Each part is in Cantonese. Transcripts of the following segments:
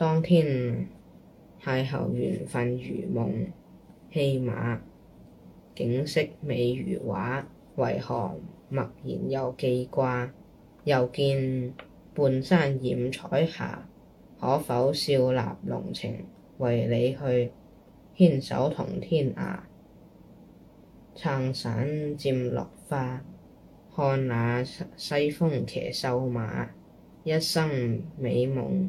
當天邂逅緣份如夢戲碼，景色美如畫，為何默然又記掛？又見半山染彩霞，可否笑納濃情？為你去牽手同天涯，撐傘接落花，看那西風騎瘦馬，一生美夢。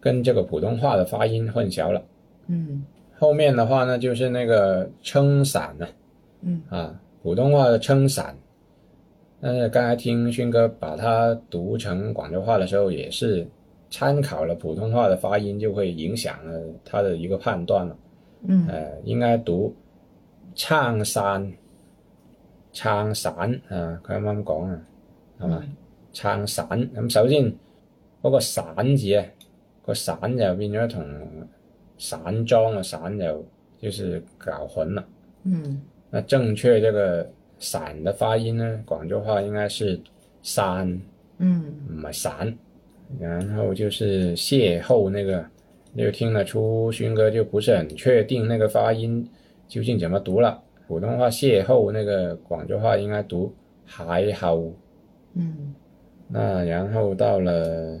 跟這個普通話的發音混淆了，嗯，後面的話呢，就是那個撐傘呢，嗯啊，普通話的撐傘，但是剛才聽勳哥把它讀成廣州話的時候，也是參考了普通話的發音，就會影響了他的一個判斷了，嗯，呃，應該讀撐傘，撐傘啊，佢啱啱講啊，啊，係嘛，撐、嗯、傘，咁、嗯、首先嗰個傘字啊。個散又變咗同散裝嘅散又，就是搞混啦。嗯。那正確這個散的發音呢？廣州話應該是山。嗯。唔係散，然後就是邂逅那個，又聽得出勳哥就不是很確定那個發音究竟怎麼讀啦。普通話邂逅那個，廣州話應該讀邂逅。嗯。那然後到了。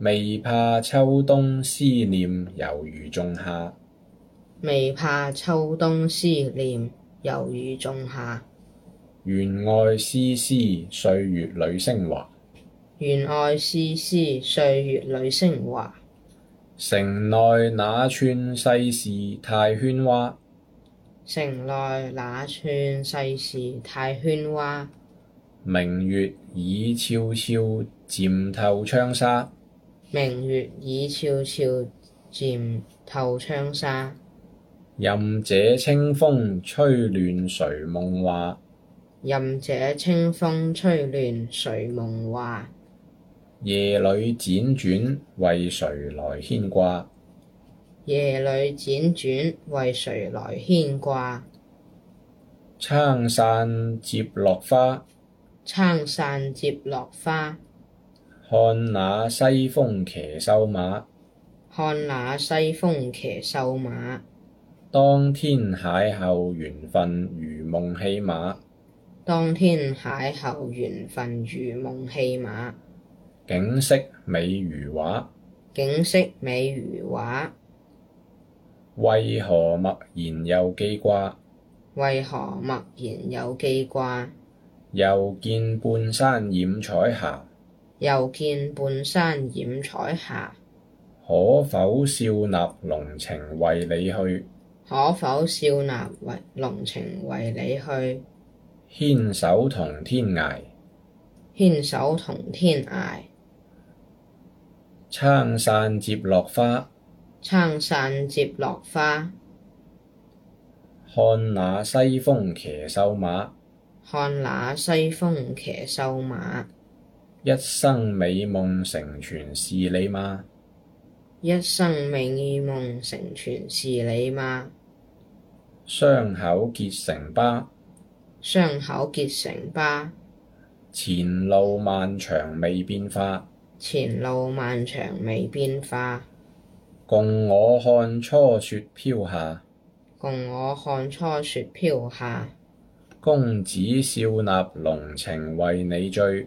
未怕秋冬思念猶如仲夏，未怕秋冬思念猶如仲夏。願愛絲絲歲月裏昇華，願愛絲絲歲月裏昇華。城內那串世事太喧嘩，城內那串世事太喧嘩。明月已悄悄漸透窗紗。明月已悄悄漸透窗紗，任這清風吹亂誰夢話。任這清風吹亂誰夢話，夜裏輾轉為誰來牽掛？夜裏輾轉為誰來牽掛？撐傘接落花，撐傘接落花。看那西風騎瘦馬，看那西風騎瘦馬。當天邂逅緣分如夢戲碼，當天邂逅緣分如夢戲碼。景色美如畫，景色美如畫。為何默然又記掛？為何默然又記掛？又見半山染彩霞。又見半山染彩霞，可否笑納濃情為你去？可否笑納濃情為你去？牽手同天涯，牽手同天涯，撐傘接落花，撐傘接落花，看那西風騎瘦馬，看那西風騎瘦馬。一生美夢成全是你嗎？一生美夢成全是你嗎？傷口結成疤。傷口結成疤。前路漫長未變化。前路漫長未變化。共我看初雪飄下。共我看初雪飄下。公子笑納濃情為你醉。